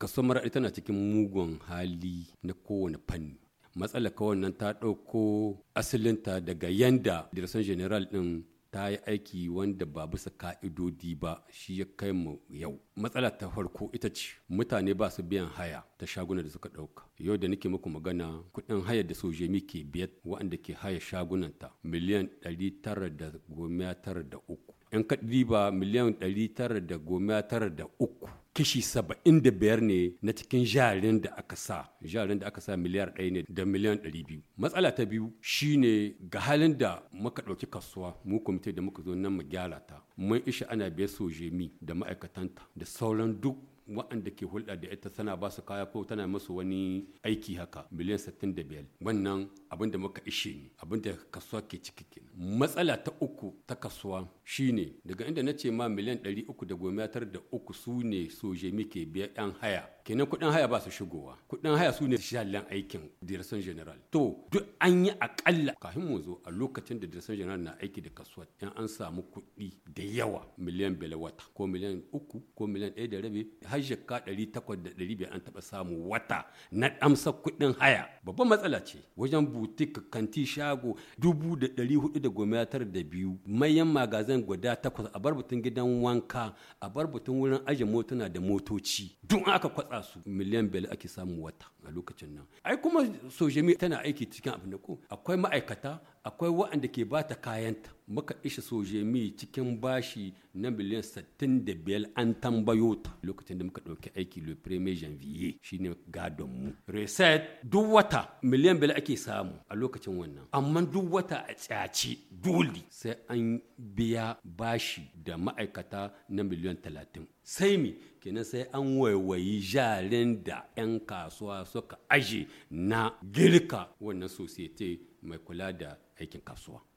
kaso maraɗi tana cikin mugun hali na kowane fanni matsalar ka wannan ta ɗauko asalinta daga yanda direson general ɗin ta yi aiki wanda ba bisa ka'idodi ba shi ya kai mu yau matsala ta farko ita ce mutane ba su biyan haya ta shagunan da suka ɗauka yau da nake muku magana kuɗin haya da sojemi ke biyar waɗanda ke haya shagunanta miliyan ɗari tara da goma tara da uku in ka ɗiba miliyan ɗari tara da goma tara da uku kashi saba'in da biyar ne na cikin jarin da aka sa jarin da aka sa miliyar ɗaya ne da miliyan ɗari biyu matsala ta biyu shine ga halin da muka ɗauki kasuwa mu kwamitin da muka zo nan mu gyara ta mun isha ana biya mi da ma'aikatanta da sauran duk waɗanda ke hulɗa da ita tana ba su kaya ko tana masu wani aiki haka miliyan 65 wannan abin da muka ishe ne abin da kasuwa ke ciki ke matsala ta uku ta kasuwa shine daga inda na ce ma miliyan da uku su ne soje muke biya 'yan haya kenan kuɗin haya ba su shigowa kuɗin haya su ne shahalin aikin direson general to duk an yi akalla kafin mu zo a lokacin da direson general na aiki da kasuwa in an samu kuɗi da yawa miliyan bele wata ko miliyan uku ko miliyan ɗaya da rabi har shekka ɗari takwas da ɗari biyar an taɓa samu wata na amsa kuɗin haya babban matsala ce wajen butik kanti shago dubu da ɗari hudu da goma tara da biyu mayan magazin guda takwas a bar gidan wanka a bar batun wurin ajiye motuna da motoci duk aka kwatsa su miliyan biyar ake samu wata a lokacin nan ai kuma sojemi tana aiki cikin abin na ko akwai ma'aikata akwai waɗanda ke ba ta kayanta muka ishe mi cikin bashi na miliyan 65 an tambayo ta lokacin da muka ɗauki aiki le premier janvier shine gadon mu reset duk wata miliyan biyar ake samu a lokacin wannan amma duk wata a tsaci dole sai an biya bashi da ma'aikata na miliyan 30 sai mi kenan sai an waiwayi jarin da 'yan kasuwa suka aje na girka wannan society mai kula da aikin kasuwa